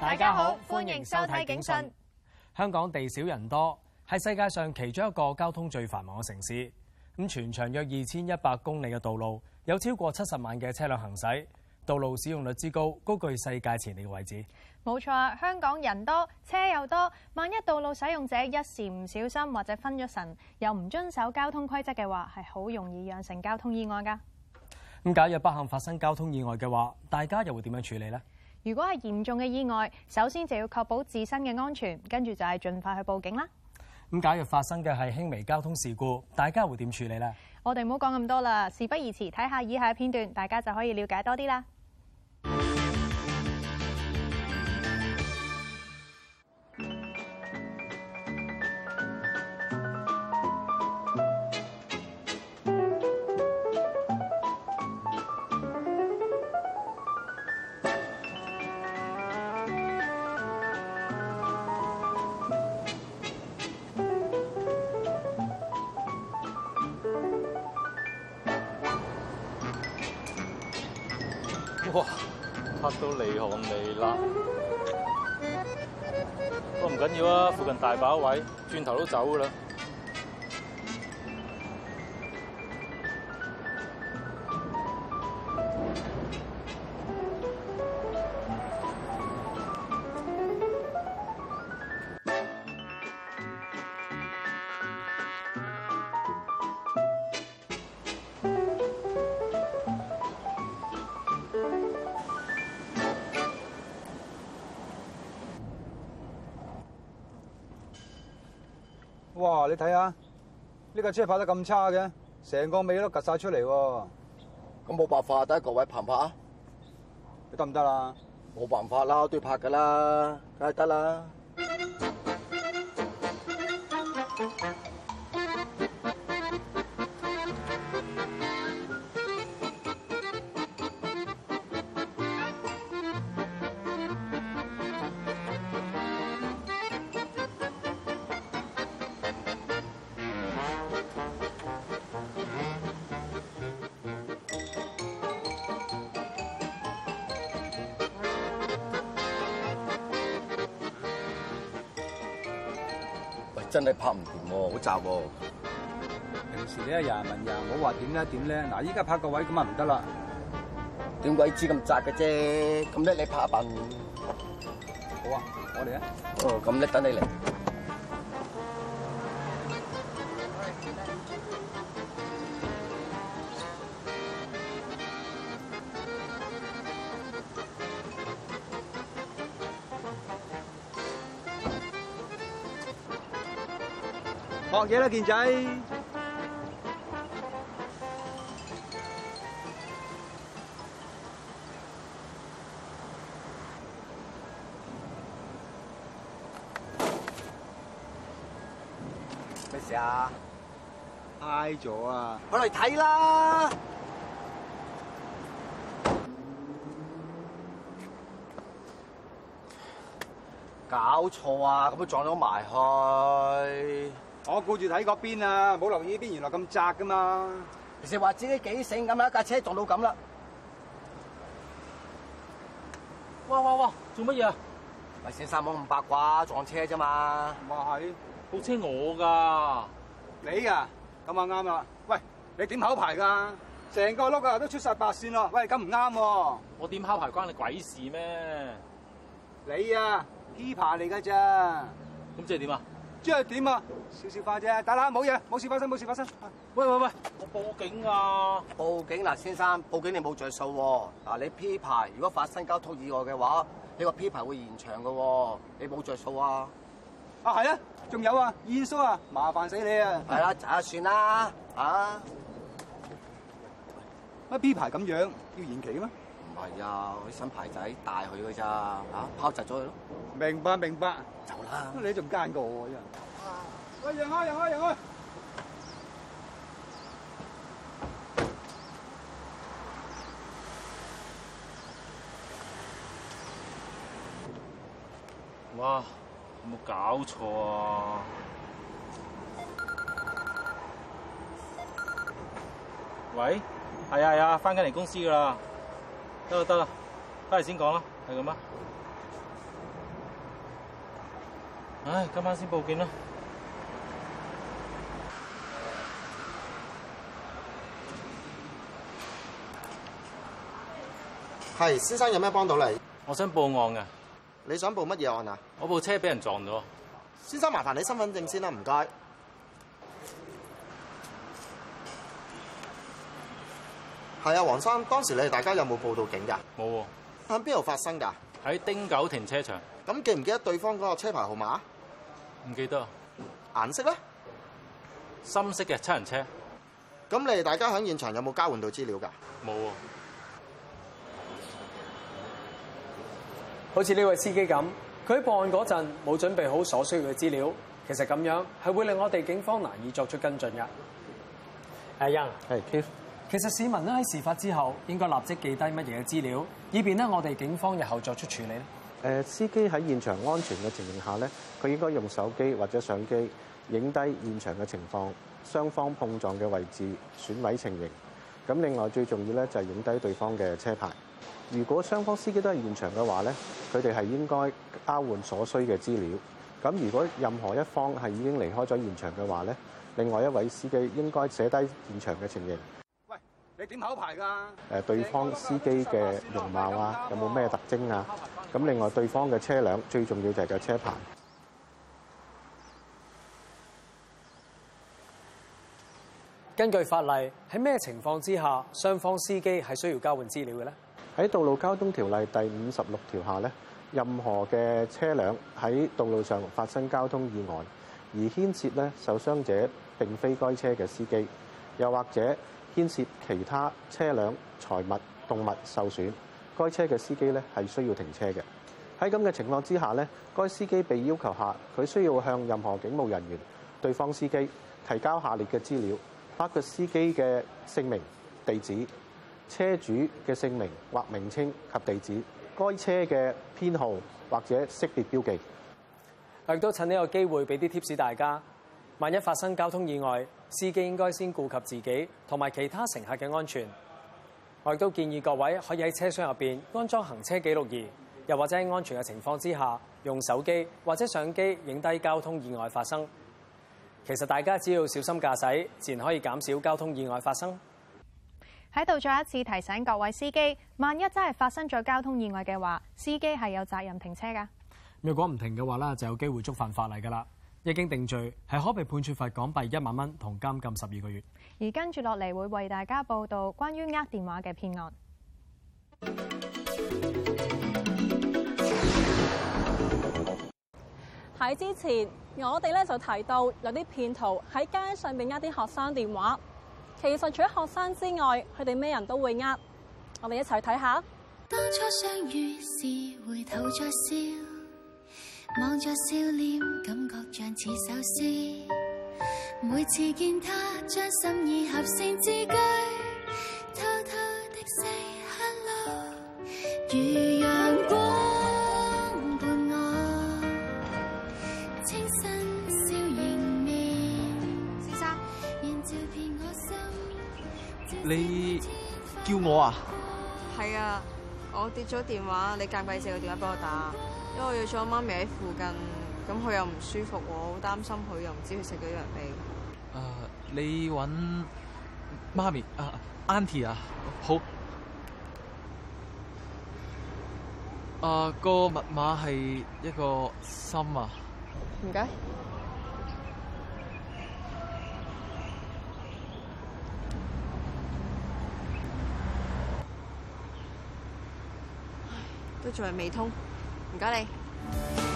大家好，歡迎收睇《警訊》。香港地少人多，係世界上其中一個交通最繁忙嘅城市。咁全長約二千一百公里嘅道路，有超過七十萬嘅車輛行駛，道路使用率之高，高居世界前列嘅位置。冇錯，香港人多，車又多，萬一道路使用者一時唔小心或者分咗神，又唔遵守交通規則嘅話，係好容易釀成交通意外㗎。咁假如不幸發生交通意外嘅話，大家又會點樣處理呢？如果係嚴重嘅意外，首先就要確保自身嘅安全，跟住就係盡快去報警啦。咁假如發生嘅係輕微交通事故，大家會點處理呢？我哋唔好講咁多啦，事不宜遲，睇下以下嘅片段，大家就可以了解多啲啦。哇！拍到離行離列，不過都唔緊要啊！附近大把位，轉頭都走了。你睇下呢架車拍得咁差嘅，成個尾都趷晒出嚟喎。咁冇辦法，第一個位置拍拍啊，你得唔得啊？冇辦法啦，都要拍噶啦，梗係得啦。 真係拍唔掂喎，好窄喎！平時呢，一日問人，我話點咧點咧，嗱依家拍個位咁啊唔得啦！點鬼知咁窄嘅啫？咁叻你拍笨！好啊，我哋啊！哦、啊，咁叻等你嚟。放學啦，健仔。咩事啊？歪咗啊！我嚟睇啦！搞錯啊！咁樣撞咗埋去。我顧住睇嗰邊啊，冇留意呢邊原來咁窄噶嘛。其實話自己幾醒，咁啊一架車撞到咁啦。哇哇哇，做乜嘢？咪先生冇咁八卦，撞車咋嘛？咪係、啊，部車我噶。你噶？咁啊啱啊。喂，你點考牌噶？成個碌啊都出晒白線咯。喂，咁唔啱喎。我點考牌關你鬼事咩？你啊，P 牌嚟噶啫？咁即係點啊？即係點啊？少少花啫，大啦冇嘢，冇事發生，冇事發生。喂喂喂，我報警啊！報警啦，啊，先生，報警你冇着數喎。嗱，你 P 牌如果發生交通意外嘅話，你個 P 牌會延長嘅，你冇着數啊？啊係啊，仲有啊，二叔啊，麻煩死你啊！係啦，啊，下，啊，算啦，啊乜 P 牌咁樣要延期咩？唔係啊，佢新牌仔大佢噶咋？啊，拋窒咗佢咯。明白明白。你仲奸過我，真係！喂，讓開，讓開，讓開！哇，有冇搞錯啊？喂，係啊係啊，翻緊嚟公司㗎啦！得啦得啦，返嚟先講啦，係咁啦。唉，今晚先報警啦。係，先生有咩幫到你？我想報案嘅。你想報乜嘢案啊？我部車俾人撞咗。先生麻煩你身份證先啦，唔該。係啊，黃生，當時你哋大家有冇報到警噶？冇。喺邊度發生噶？喺丁九停車場。咁記唔記得對方嗰個車牌號碼？唔記得。顏色咧？深色嘅七人車。咁你哋大家喺現場有冇交換到資料㗎？冇啊。好似呢位司機咁，佢喺破案嗰陣冇準備好所需要嘅資料，其實咁樣係會令我哋警方難以作出跟進㗎。阿欣，係 Keith。其實市民咧，喺事發之後應該立即記低乜嘢資料，以便呢我哋警方日後作出處理呢。誒司機喺現場安全嘅情形下咧，佢應該用手機或者相機影低現場嘅情況、雙方碰撞嘅位置、損毀情形。咁另外最重要咧就係影低對方嘅車牌。如果雙方司機都係現場嘅話咧，佢哋係應該交換所需嘅資料。咁如果任何一方係已經離開咗現場嘅話咧，另外一位司機應該寫低現場嘅情形。喂，你點考牌㗎？誒，對方司機嘅容貌啊，有冇咩特徵啊？咁另外，對方嘅車輛最重要就係個車牌。根據法例，喺咩情況之下，雙方司機係需要交換資料嘅咧？喺《道路交通條例》第五十六條下咧，任何嘅車輛喺道路上發生交通意外，而牽涉咧受傷者並非該車嘅司機，又或者牽涉其他車輛財物、動物受損。該車嘅司機咧係需要停車嘅。喺咁嘅情況之下呢，該司機被要求下，佢需要向任何警務人員、對方司機提交下列嘅資料，包括司機嘅姓名、地址、車主嘅姓名或名稱及地址、該車嘅編號或者識別標記。我亦都趁呢個機會俾啲貼士大家：萬一發生交通意外，司機應該先顧及自己同埋其他乘客嘅安全。都建議各位可以喺車廂入邊安裝行車記錄儀，又或者喺安全嘅情況之下，用手機或者相機影低交通意外發生。其實大家只要小心駕駛，自然可以減少交通意外發生。喺度再一次提醒各位司機，萬一真係發生咗交通意外嘅話，司機係有責任停車㗎。如果唔停嘅話呢，就有機會觸犯法例㗎喇。一經定罪，係可被判處罰港幣一萬蚊同監禁十二個月。而跟住落嚟會為大家報道關於呃電話嘅騙案。喺之前，我哋咧就提到有啲騙徒喺街上面呃啲學生電話。其實除咗學生之外，佢哋咩人都會呃。我哋一齊睇下。當初相遇時回頭再笑，望住笑臉感覺像似首詩每次見他，將心意合成字句，偷偷的 say hello，如陽光伴我，清新笑迎面，先生，艷照遍我心。你叫我啊？係啊，我跌咗電話，你介唔介意借個電話幫我打，因為我約咗媽咪喺附近。咁佢又唔舒服，好擔心佢，又唔知佢食咗藥未？你揾媽咪啊 Auntie 啊，好。誒，uh，個密碼係一個心啊。唔該。都仲係未通，唔該你。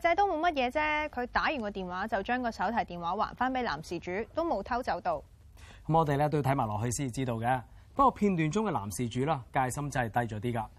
仔都冇乜嘢啫，佢打完個電話就將個手提電話還翻俾男事主，都冇偷走到。咁我哋咧都要睇埋落去先至知道嘅。不過片段中嘅男事主啦，戒心真係低咗啲噶。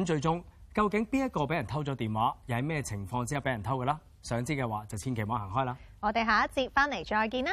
咁最終究竟邊一個俾人偷咗電話，又係咩情況之下俾人偷噶啦？想知嘅話就千祈唔好行開啦。我哋下一節翻嚟再見啦。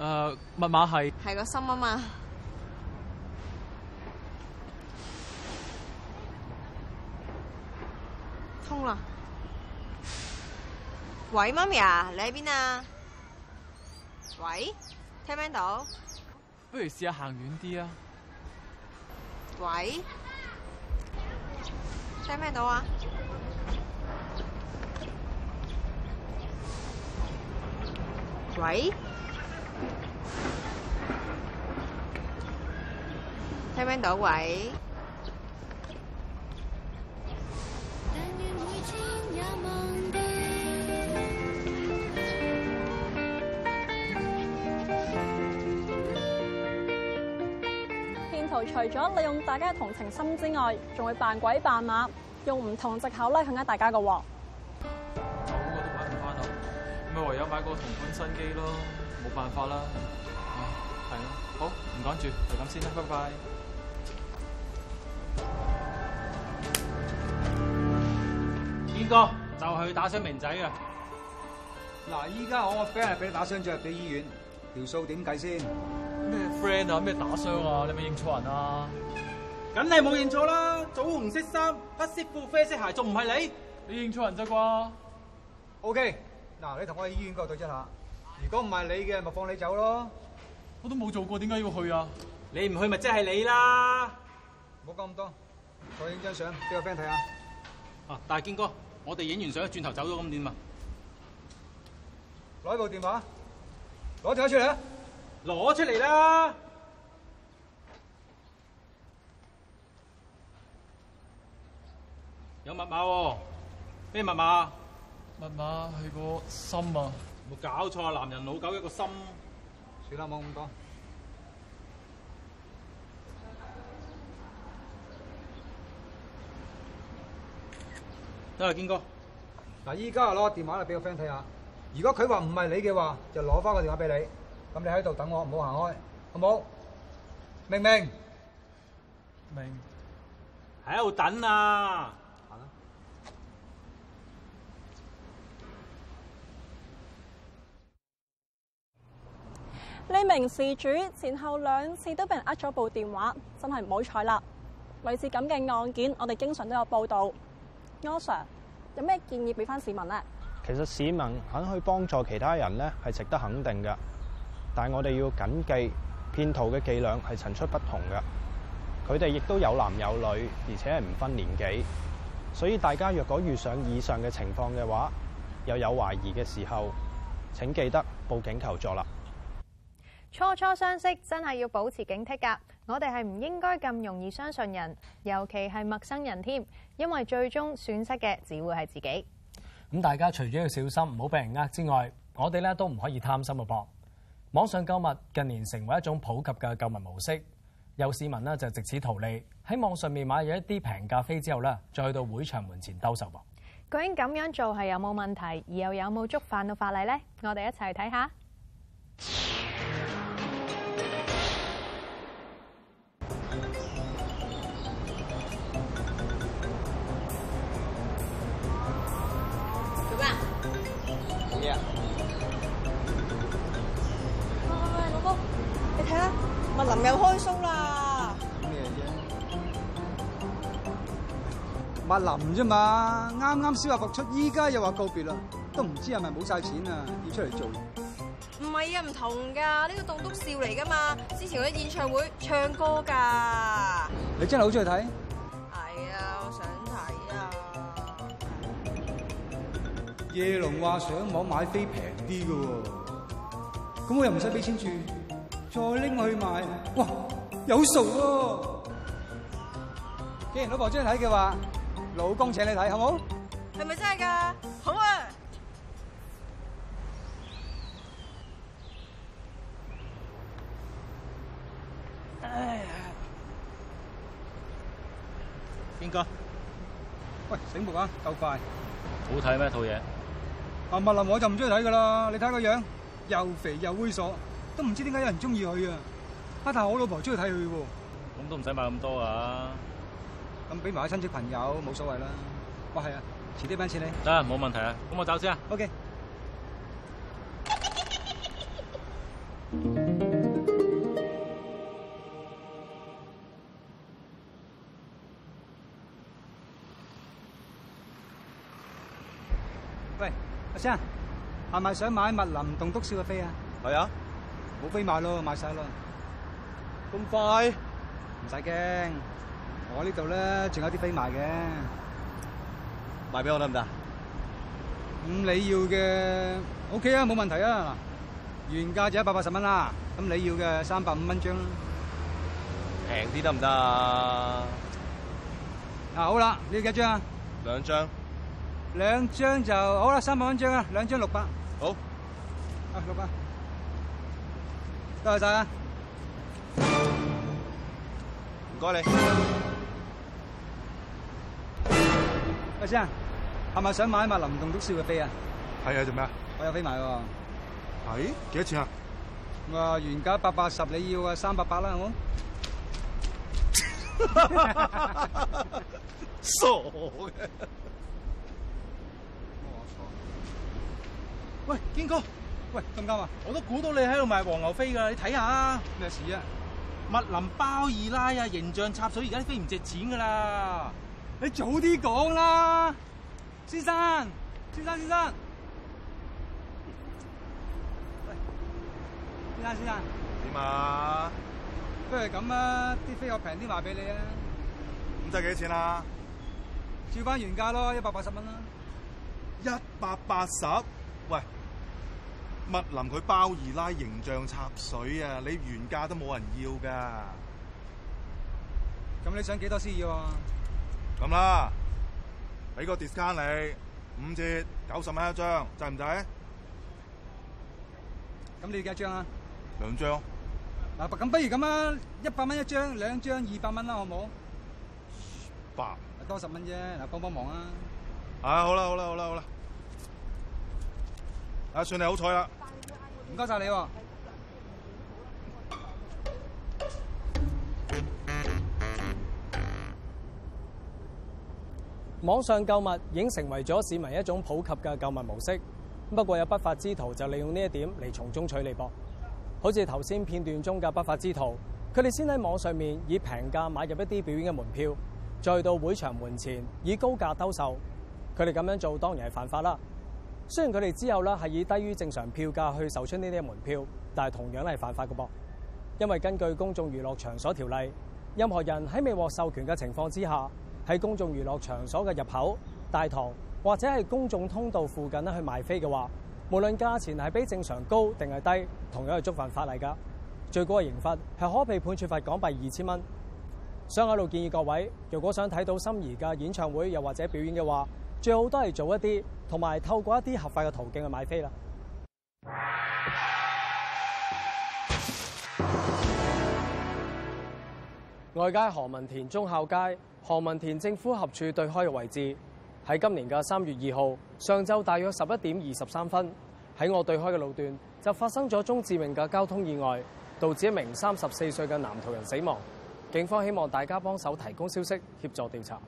誒，密碼係係個心啊嘛，通啦。喂，媽咪啊，你喺邊啊？喂，聽唔聽到？不如試下行遠啲啊。喂？聽唔聽到啊？喂？睇位，鬥詐？騙徒除咗利用大家嘅同情心之外，仲會扮鬼扮馬，用唔同藉口嚟向啱大家個鑊。我嗰個都買唔翻啦，咪唯有買個同款新機咯，冇辦法啦。係、啊、咯，好唔趕住，就咁先啦，拜拜。哥就係、去打傷明仔啊！嗱依家我個 friend 係俾你打傷，咗入俾醫院，條數點計先？咩 friend 啊？咩打傷啊？你咪認錯人啊？咁你冇認錯啦，棗紅色衫、黑色褲、啡色鞋，仲唔係你？你認錯人咋啩？OK，嗱你同我喺醫院嗰度對質下，如果唔係你嘅，咪放你走咯。我都冇做過，點解要去啊？你唔去咪即係你啦？唔好講咁多，再影張相俾個 friend 睇下。啊，大堅哥。我哋影完相一轉頭走咗咁點啊？攞部電話，攞條出嚟啦，攞出嚟啦！有密碼喎、啊？咩密碼？密碼係個心啊！冇搞錯啊！男人老狗一個心、啊，算啦，冇咁多。都係堅哥，嗱，依家攞個電話嚟俾個 friend 睇下。如果佢話唔係你嘅話，就攞翻個電話俾你。咁你喺度等我，唔好行開，好冇？明唔明？明，喺度等啊！呢名事主前後兩次都被人呃咗部電話，真係唔好彩啦。類似咁嘅案件，我哋經常都有報道。阿 Sir，有咩建議俾翻市民咧？其實市民肯去幫助其他人咧，係值得肯定嘅。但係我哋要謹記，騙徒嘅伎倆係層出不窮嘅。佢哋亦都有男有女，而且係唔分年紀。所以大家若果遇上以上嘅情況嘅話，又有懷疑嘅時候，請記得報警求助啦。初初相識，真係要保持警惕噶。我哋係唔應該咁容易相信人，尤其係陌生人添，因為最終損失嘅只會係自己。咁大家除咗要小心唔好畀人呃之外，我哋咧都唔可以貪心啊！噃，網上購物近年成為一種普及嘅購物模式，有市民呢就借此圖利，喺網上面買咗一啲平價飛之後呢，再去到會場門前兜售。噃。究竟咁樣做係有冇問題，而又有冇觸犯到法例呢？我哋一齊去睇下。柏林啫嘛，啱啱先話復出，依家又話告別啦，都唔知係咪冇晒錢啊，要出嚟做？唔係啊，唔同噶，呢個棟篤笑嚟噶嘛，之前佢喺演唱會唱歌噶。你真係好中意睇？係啊，我想睇啊。夜龍話上網買飛平啲噶，咁我又唔使俾錢住，再拎去買，哇，有數喎。既然老婆中意睇嘅話。老公請你睇好冇？係咪真係噶？好啊！哎呀！邊個？喂，醒目啊，夠快。好睇咩？套嘢？阿麥林我就唔中意睇噶啦，你睇個樣，又肥又猥瑣，都唔知點解有人中意佢啊！啊，但係我老婆中意睇佢喎。咁都唔使買咁多啊！咁俾埋啲親戚朋友冇所謂啦。喂，係啊，遲啲俾錢你。得，冇問題啊。咁我走先啊。OK。喂，阿生，係咪想買密林棟篤笑嘅飛啊？係啊，冇飛賣咯，賣曬咯。咁快，唔使驚。我呢度咧，仲有啲飛賣嘅，賣俾我得唔得？咁你要嘅，OK 啊，冇問題啊。原價就一百八十蚊啦，咁你要嘅三百五蚊張，平啲得唔得？嗱，好啦，你要幾多張啊？兩張，兩張就好啦，三百蚊張啊，兩張六百。好，啊六百，多謝晒，唔該你。喂，先生，係咪想買麥林棟篤笑嘅飛啊？係啊，做咩啊？我又飛埋喎。係？幾多錢啊？我話原價八百八十，你要啊三百八啦，好？ 傻嘅。冇錯。喂，堅哥，喂，咁啱啊，我都估到你喺度賣黃牛飛噶啦，你睇下。咩事啊？麥林包二奶啊，形象插水，而家啲飛唔值錢噶啦。你早啲講啦，先生，先生，先生，喂，先生，先生，點啊？不如咁啊，啲飛我平啲賣俾你啊！咁即係幾多錢啊？照翻原價咯，一百八十蚊啦。一百八十？喂，麥林佢包二奶形象插水啊！你原價都冇人要噶。咁你想幾多先要啊？咁啦，俾個 discount 你，五折，九十蚊一張，制唔制？咁你要幾張啊？兩張。嗱、啊，咁不如咁啊，元一百蚊一張，兩張二百蚊啦，好唔好？百。多十蚊啫，嗱，幫幫忙啊！啊，好啦，好啦，好啦，好啦。啊，算你好彩啦，唔該晒你喎、啊。網上購物已經成為咗市民一種普及嘅購物模式。不過，有不法之徒就利用呢一點嚟從中取利噃。好似頭先片段中嘅不法之徒，佢哋先喺網上面以平價買入一啲表演嘅門票，再到會場門前以高價兜售。佢哋咁樣做當然係犯法啦。雖然佢哋之後咧係以低於正常票價去售出呢啲嘅門票，但係同樣都係犯法嘅噃。因為根據《公眾娛樂場所條例》，任何人喺未獲授權嘅情況之下，喺公眾娛樂場所嘅入口、大堂或者係公眾通道附近去賣飛嘅話，無論價錢係比正常高定係低，同樣係觸犯法例㗎。最高嘅刑罰係可被判處罰港幣二千蚊。所以我喺度建議各位，如果想睇到心儀嘅演唱會又或者表演嘅話，最好都係早一啲，同埋透過一啲合法嘅途徑去買飛啦。外街何文田忠孝街何文田政府合署對開嘅位置，喺今年嘅三月二號上晝大約十一點二十三分，喺我對開嘅路段就發生咗宗致命嘅交通意外，導致一名三十四歲嘅男途人死亡。警方希望大家幫手提供消息協助調查。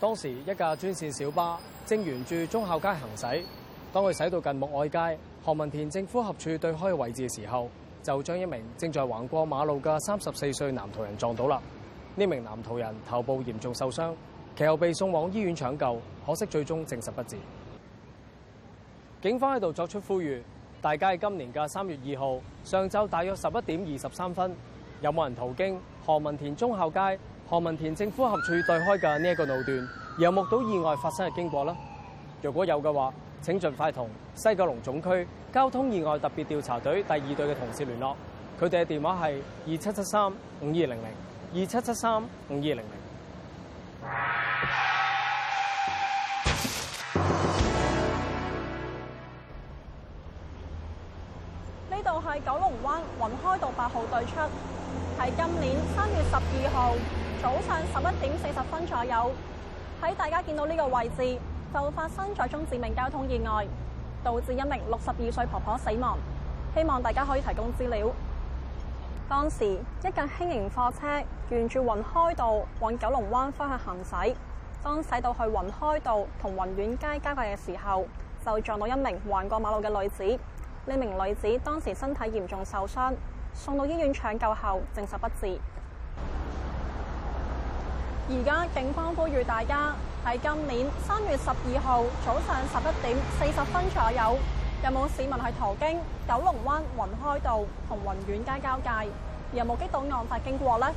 當時一架專線小巴正沿住忠孝街行駛，當佢駛到近牧愛街何文田政府合署對開嘅位置嘅時候，就將一名正在橫過馬路嘅三十四歲男途人撞到啦！呢名男途人頭部嚴重受傷，其後被送往醫院搶救，可惜最終證實不治。警方喺度作出呼籲，大家喺今年嘅三月二號上晝大約十一點二十三分，有冇人途經何文田忠孝街、何文田政府合署對開嘅呢一個路段，而目睹意外發生嘅經過啦？如果有嘅話，請盡快同西九龍總區交通意外特別調查隊第二隊嘅同事聯絡，佢哋嘅電話係二七七三五二零零二七七三五二零零。呢度係九龍灣雲開道八號對出，係今年三月十二號早上十一點四十分左右，喺大家見到呢個位置，就發生在中致命交通意外，導致一名六十二歲婆婆死亡。希望大家可以提供資料。當時一架輕型貨車沿住雲開道往九龍灣方向行駛，當駛到去雲開道同雲苑街交界嘅時候，就撞到一名橫過馬路嘅女子。呢名女子當時身體嚴重受傷，送到醫院搶救後，證實不治。而家警方呼籲大家。係今年三月十二號早上十一點四十分左右，有冇市民去途經九龍灣雲開道同雲苑街交界？有冇見到案發經過呢？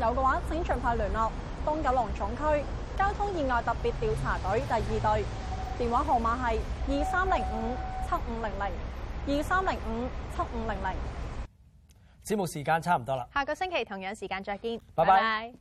有嘅話，請盡快聯絡東九龍總區交通意外特別調查隊第二隊，電話號碼係二三零五七五零零二三零五七五零零。節目時間差唔多啦，下個星期同樣時間再見，拜拜，拜。